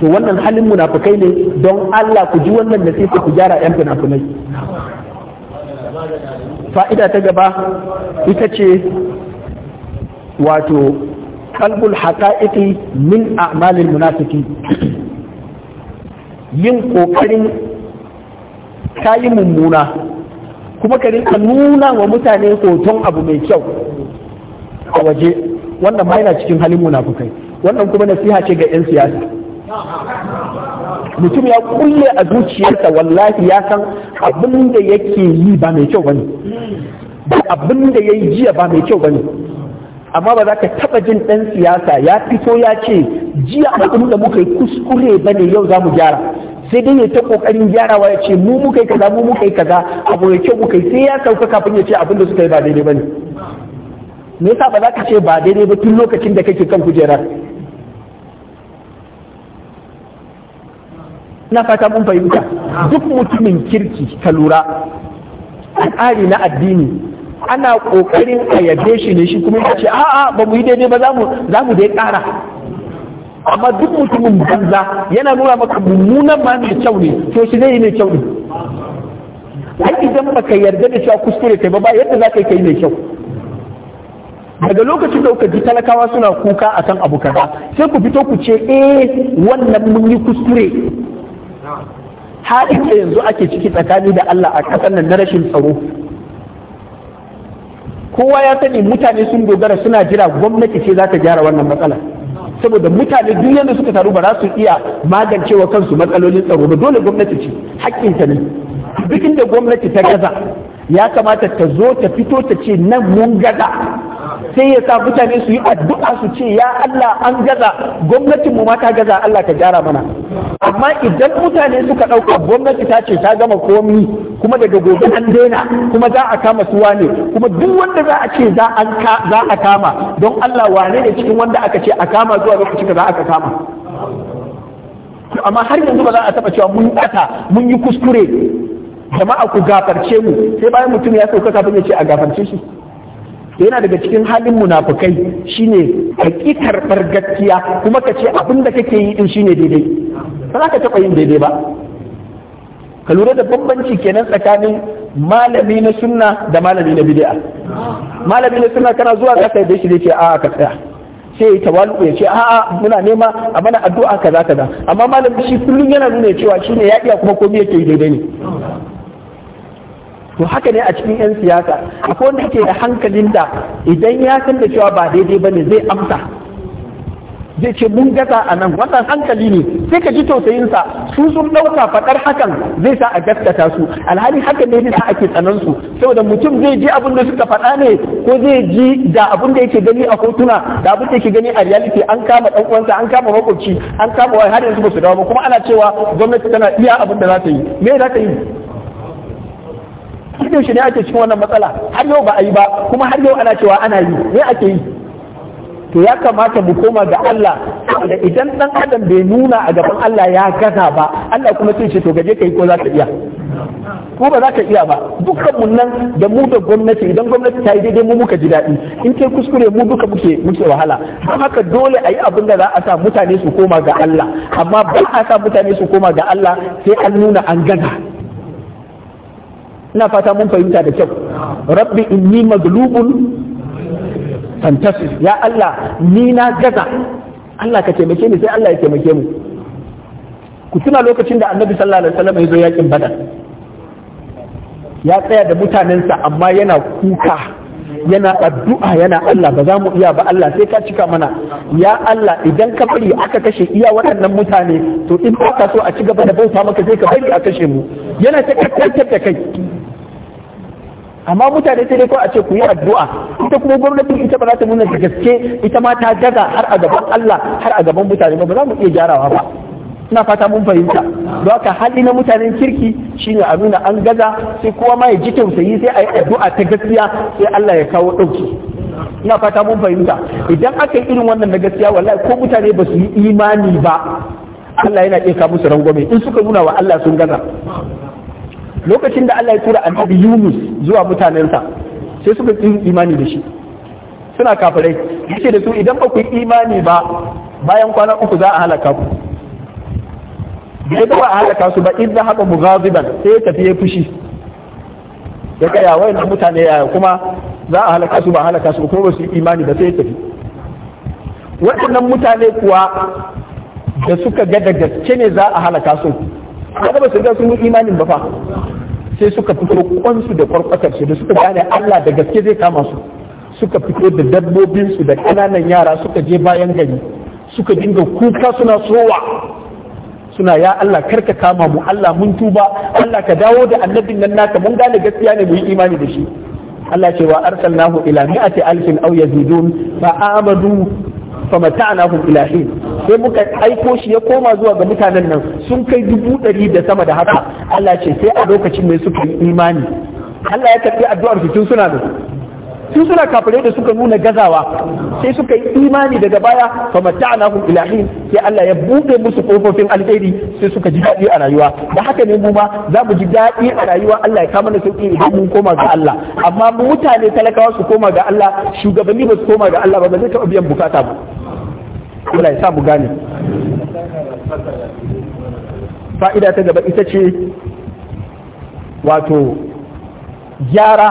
to wannan halin munafikai ne don Allah ku ji wannan nasiha ku gyara yan munafikai fa'ida ta gaba ita ce wato قلب الحقائق min a'malil المنافقين yin kokarin kayi mummuna kuma ka rinka nuna wa mutane hoton abu mai kyau a waje wannan ma yana cikin halin munafukai wannan kuma nasiha ce ga 'yan siyasa mutum ya kulle a zuciyarsa wallahi ya san abin da yake yi ba mai kyau bane ba abin da ya yi jiya ba mai kyau bane amma ba za ka taba jin ɗan siyasa ya fito ya ce jiya abin da muka yi kuskure ba ne yau za mu gyara sai dai ya ta kokarin gyarawa ya ce mu muka yi kaza mu muka yi kaza abu ya kyau muka yi sai ya sauka kafin ya ce abin da suka yi ba daidai ne. me yasa ba za ka ce ba daidai ba tun lokacin da kake kan kujerar na fata mun fahimta duk mutumin kirki ka lura tsari na addini ana kokarin a yabe shi ne shi kuma ya ce a'a ba mu yi daidai ba zamu mu dai ƙara amma duk mutumin banza yana nuna maka mummunan ma mai kyau ne to shi zai yi mai kyau ne ai idan baka yarda da cewa kuskure kai ba ba yadda za ka yi kai mai kyau daga lokacin da kuka ji talakawa suna kuka akan abu kaza sai ku fito ku ce eh wannan mun yi kuskure halin da yanzu ake ciki tsakani da Allah a kasar nan na rashin tsaro kowa ya sani mutane sun dogara suna jira gwamnati ce za ta gyara wannan matsala saboda mutane duk yadda suka taru ba za su iya magancewa kansu matsalolin tsaro ba dole gwamnati ce hakkinta ne duk inda gwamnati ta gaza ya kamata ta zo ta fito ta ce nan mun gaza sai ya sa mutane su yi addu'a su ce ya Allah an gaza gwamnatin mu ma ta gaza Allah ka gyara mana amma idan mutane suka ɗauka gwamnati ta ce ta gama komi kuma daga gobe an daina kuma za a kama su wane kuma duk wanda za a ce za a kama don Allah wane ne cikin wanda aka ce a kama zuwa lokacin da za aka kama amma har yanzu ba za a taba cewa mun ɓata mun yi kuskure jama'a ku gafarce mu sai bayan mutum ya sauka kafin ya ce a gafarce shi yana daga cikin halin munafukai shine ka bar gaskiya kuma ka ce abin da kake yi din shine daidai ba za ka taɓa yin daidai ba ka lura da bambanci kenan tsakanin malami na sunna da malami na bid'a malami na sunna kana zuwa za ka yi shi ce a ka tsaya sai ya tawalu ya ce a'a muna nema a mana addu'a kaza kaza amma malami shi kullum yana nuna cewa shine ya iya kuma komai yake daidai ne to haka ne a cikin 'yan siyasa akwai wanda yake da hankalin da idan ya san da cewa ba daidai ba ne zai amsa zai ce mun gasa a nan wannan hankali ne sai ka ji tausayinsa su sun ɗauka faɗar hakan zai sa a gaskata su alhali haka ne da ake tsanan su saboda mutum zai ji abin da suka faɗa ne ko zai ji da abin da yake gani a hotuna da abin da yake gani a reality an kama ɗan uwansa an kama makwabci an kama wai har yanzu ba su dawo ba kuma ana cewa gwamnati tana iya abin da za ta yi me za ta yi yau shi ne ake cikin wannan matsala har yau ba a yi ba kuma har yau ana cewa ana yi me ake yi to ya kamata mu koma ga Allah da idan dan adam bai nuna a gaban Allah ya gaza ba Allah kuma sai ce to gaje kai ko za ka iya ko ba za ka iya ba dukkan mun nan da mu da gwamnati idan gwamnati ta yi daidai mu muka ji daɗi in kai kuskure mu duka muke muke wahala don haka dole a yi abin da za a sa mutane su koma ga Allah amma ba a sa mutane su koma ga Allah sai an nuna an gaza ina fata mun fahimta da kyau rabbi inni maglubun fantasif ya Allah ni na gaza Allah ka taimake ni sai Allah ya taimake mu ku tuna lokacin da annabi sallallahu alaihi wasallam ya zo yakin badar ya tsaya da mutanensa amma yana kuka yana addu'a yana Allah ba za mu iya ba Allah sai ka cika mana ya Allah idan ka bari aka kashe iya waɗannan mutane to in ba so a ci gaba da bauta maka sai ka bari a kashe mu yana ta kakkantar da kai amma mutane sai dai kawai a ce ku yi addu'a ita kuma gwamnatin ita ba za ta nuna da gaske ita ma ta daga har a gaban Allah har a gaban mutane ba ba za mu iya gyarawa ba ina fata mun fahimta don haka hali na mutanen kirki shine a nuna an gaza sai kowa ma ya ji tausayi sai a yi addu'a ta gaskiya sai Allah ya kawo ɗauki ina fata mun fahimta idan aka yi irin wannan na gaskiya wallahi ko mutane ba su yi imani ba Allah yana iya kawo musu rangwame in suka nuna wa Allah sun gaza lokacin da Allah ya tura annabi Yunus zuwa mutanensa sai suka yi imani da shi suna kafirai yake da su idan ba ku yi imani ba bayan kwana uku za a halaka ku bai ba a halaka su ba idan haka mugaziban sai ya tafi ya fushi ya kaya wayan mutane yaya kuma za a halaka su ba halaka su kuma ba su yi imani ba sai ya tafi waɗannan mutane kuwa da suka ga da gaske ne za a halaka su kaga ba su riga sun yi imanin ba fa sai suka fito kwansu da kwarkwatar su da suka gane Allah da gaske zai kama su suka fito da dabbobin su da kananan yara suka je bayan gari suka dinga kuka suna sowa suna ya Allah karka kama mu Allah mun tuba Allah ka dawo da annabin nan naka mun gane gaskiya ne mu yi imani da shi Allah ce wa arsalnahu ila mi'ati alfin aw yazidun fa amadu famata'nahum ila hin sai muka aiko shi ya koma zuwa ga mutanen nan sun kai dubu ɗari da sama da haka Allah ce sai a lokacin mai suka yi imani Allah ya karbi addu'ar su suna da su suna kafirai da suka nuna gazawa sai suka yi imani daga baya fa mata'nahum ila ya sai Allah ya bude musu kofofin alheri sai suka ji daɗi a rayuwa da haka ne mu ma za mu ji daɗi a rayuwa Allah ya kama da sauki idan mun koma ga Allah amma mu mutane talakawa su koma ga Allah shugabanni ba su koma ga Allah ba ba zai taɓa biyan bukata ba Allah ya sa mu gane fa'ida ta gaba ita ce wato gyara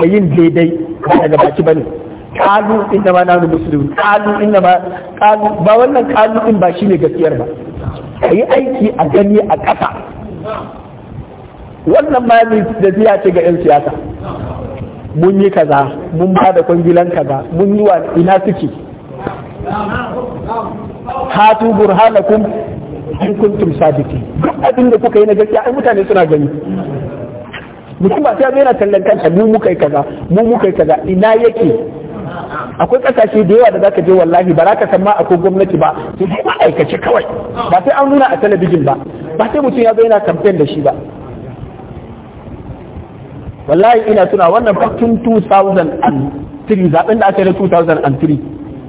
da yin daidai ba ga baki bane kalu inna ma nanu muslimun kalu inna ma kalu ba wannan kalu din ba shine gaskiyar ba kayi aiki a gani a ƙasa wannan ma da ziya ce ga yan siyasa mun yi kaza mun ba da kwangilan kaza mun yi wa ina suke hatu burhanakum in kuntum sadiki abin da kuka yi na gaskiya ai mutane suna gani mutum ba sai yana tallan kansa mu muka yi kaza mu muka yi kaza ina yake akwai kasashe da yawa da zaka je wallahi ba za ka san ma akwai gwamnati ba sai dai aikace kawai ba sai an nuna a talabijin ba ba sai mutum ya zo yana kamfen da shi ba wallahi ina tuna wannan fatin 2003 zaben da aka yi na 2003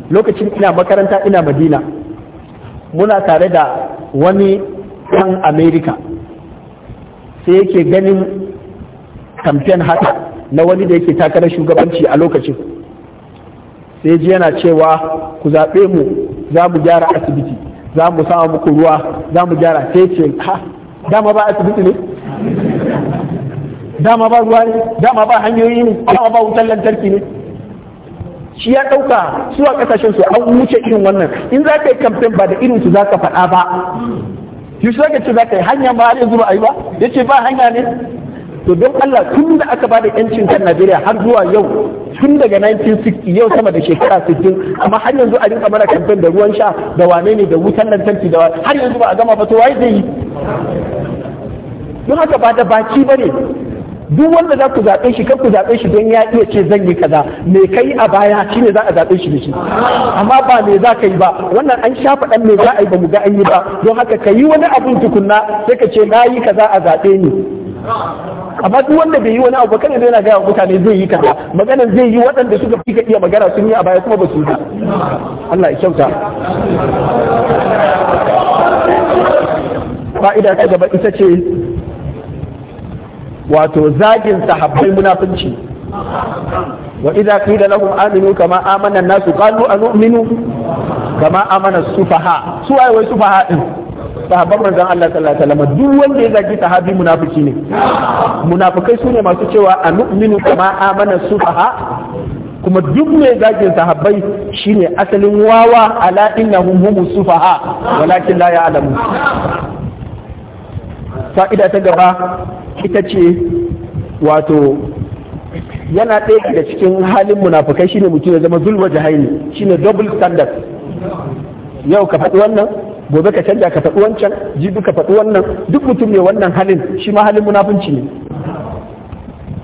lokacin ina makaranta ina madina muna tare da wani ɗan amerika sai yake ganin kamfen haka na wani da yake takarar shugabanci a lokacin sai ji yana cewa ku zaɓe mu za mu gyara asibiti za mu sama muku ruwa za mu gyara sai ce ha dama ba asibiti ne dama ba ruwa ne dama ba hanyoyi ne dama ba wutar lantarki ne shi ya ɗauka suwa ƙasashen su an wuce irin wannan in za ka yi kamfen ba da irin su za ka faɗa ba yusuf ka ce za ka yi hanya ba har yanzu ba a yi ba ya ce ba hanya ne to don Allah tun da aka bada yancin kan Najeriya har zuwa yau tun daga 1960 yau sama da shekara 60 amma har yanzu a rinka mana kamfen da ruwan sha da wane ne da wutan lantarki da har yanzu ba a gama ba to waye zai yi don haka ba da baki bane duk wanda za ku zaɓe shi kan ku zaɓe shi don ya iya ce zan yi kaza me kai a baya shine za a zaɓe shi da shi amma ba me za ka yi ba wannan an shafa ɗan me za a yi ba mu ga an yi ba don haka ka yi wani abin tukunna sai ka ce na yi kaza a zaɓe ni amma duk wanda bai yi wani abu kan zai na gaya mutane zai yi kaza maganan zai yi waɗanda suka fi iya magana sun yi a baya kuma ba su yi Allah ya kyauta fa'ida ta gaba ita ce wato zagin sahabbai munafunci wa idza qila lahum aminu kama amana an-nasu qalu anu'minu kama amana as-sufaha su wai sufaha din sahabban manzon Allah sallallahu alaihi wasallam duk wanda ya zagi sahabi munafiki ne munafikai sune masu cewa anu'minu kama amana sufaha kuma duk mai zagin sahabbai shine asalin wawa ala innahum hum sufaha walakin la ya'lamu fa'ida ta gaba ita ce wato yana ɗaya daga cikin halin munafukai shine mutum ya zama zulwa jahili shine double standard yau ka faɗi wannan gobe ka canja ka faɗi wancan jibi ka faɗi wannan duk mutum ne wannan halin shi ma halin munafunci ne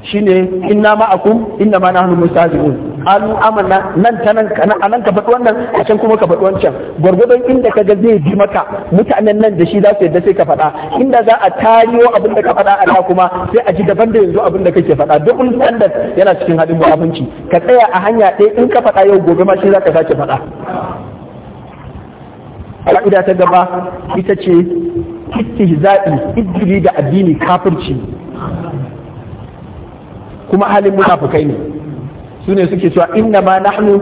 shine inna ma akum inna ma nahnu mustahzi'un alu amana nan tanan kana anan ka faɗi wannan a can kuma ka faɗi wancan gwargwadon inda ga zai bi maka mutanen nan da shi za su yadda sai ka faɗa inda za a tariyo abin da ka faɗa a da kuma sai a ji daban da yanzu abin da kake faɗa duk standard yana cikin hadin mu'aminci ka tsaya a hanya ɗaya in ka faɗa yau gobe ma shi za ka sake faɗa ƙa'ida ta gaba ita ce istihza'i izgili da addini kafirci kuma halin munafukai ne su ne suke cewa inna ma nahnu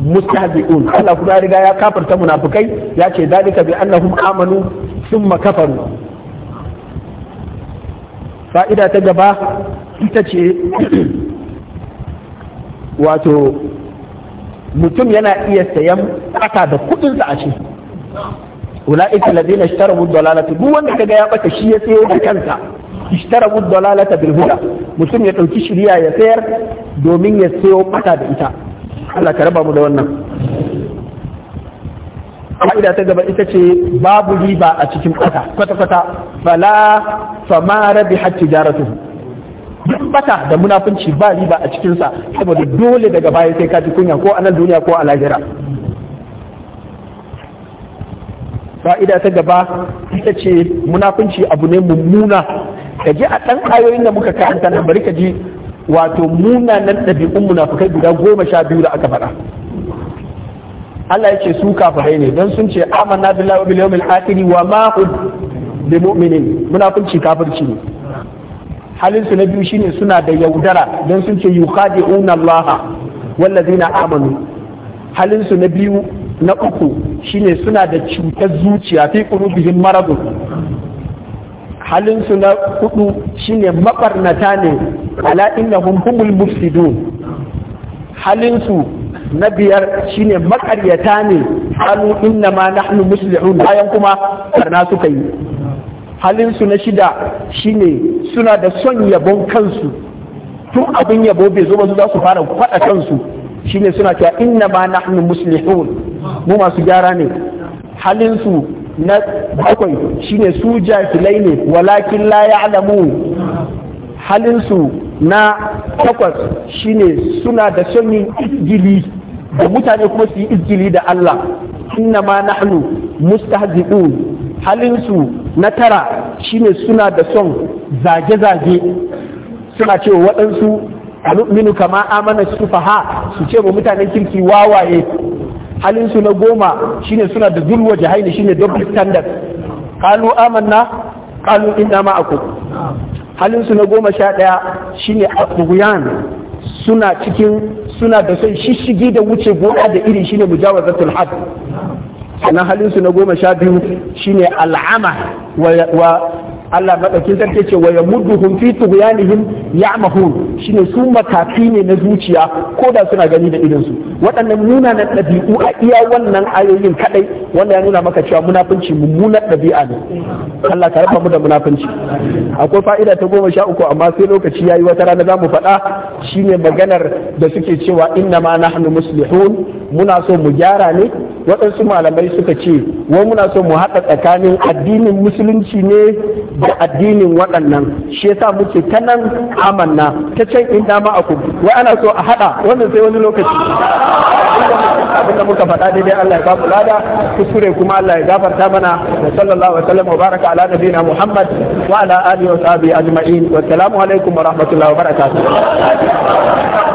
mustahzi'un Allah kuma riga ya kafirta munafukai ya ce dalika bi annahum amanu thumma kafaru fa'ida ta gaba ita ce wato mutum yana iya sayan ƙasa da kuɗinsa a ciki ulaika alladhina ishtarabu dalalata duk wanda kaga ya bata shi ya sayo da kansa ishtarabu dalalata bil huda mutum ya dauki shiriya ya sayar domin ya sayo bata da ita Allah ka raba mu da wannan fa'ida ta gaba ita ce babu riba a cikin bata kwata-kwata fala fama rabi hatti duk bata da munafunci ba riba a cikin sa saboda dole daga baya sai ka ji kunya ko a nan duniya ko a lahira fa'ida ta gaba ita ce munafunci abu ne mummuna ka ji a ɗan ayoyin da muka karanta nan bari ka ji wato munanan ɗabi'un munafukai guda goma sha biyu da aka faɗa Allah ya ce su kafirai ne don sun ce amanna billahi wa bil yawmil akhir wa ma hum bi mu'minin munafunci kafirci ne halin na biyu shine suna da yaudara don sun ce yukhadi'una Allah wallazina amanu halin su na biyu na uku shine suna da cutar zuciya fi qulubihim maradun halinsu na hudu shine mabarnata ne ala innahum humul mufsidun halinsu na biyar shine maƙaryata ne qalu inna ma nahnu muslihun bayan kuma karna suka yi halinsu na shida shine suna da son yabon kansu tun abin yabo bai zo ba su za su fara faɗa kansu shine suna cewa inna ma nahnu muslihun mu masu gyara ne Halinsu na bakwai shine su jahilai ne walakin la ya'lamu halin su na takwas shine suna da son yin izgili da mutane kuma su yi izgili da Allah inna ma nahnu mustahzi'un halin su na tara shine suna da son zage-zage suna cewa waɗansu anu'minu kama amana sufaha su ce ba mutanen kirki wawaye halin su na goma shine suna da dulwa jahaini shine double standard qalu amanna qalu inna ma'akum halin su na goma sha daya shine abuyan suna cikin suna da son shishigi da wuce gona da irin shine mujawazatul had sannan halin su na goma sha biyu shine al'ama wa Allah maɗaukin sarki ce wa yamudduhum fi tughyanihim ya'mahun shine su makafi ne na zuciya ko da suna gani da idan su waɗannan munanan ɗabi'u a iya wannan ayoyin kaɗai wanda ya nuna maka cewa munafunci mummunar ɗabi'a ne Allah ka rafa mu da munafunci akwai fa'ida ta goma sha uku amma sai lokaci yayi wata rana za mu faɗa shine maganar da suke cewa inna ma nahnu muslihun muna so mu gyara ne waɗansu malamai suka ce wai muna so mu haɗa tsakanin addinin musulunci ne da addinin waɗannan shi yasa muke ta nan amanna ta can in dama aku wai ana so a haɗa wannan sai wani lokaci abin da muka faɗa daidai Allah ya ba mu lada kuskure kuma Allah ya gafarta mana wa sallallahu wa sallam wa baraka ala nabiyina Muhammad wa ala alihi wa sahbihi ajma'in wa assalamu alaikum wa rahmatullahi wa barakatuh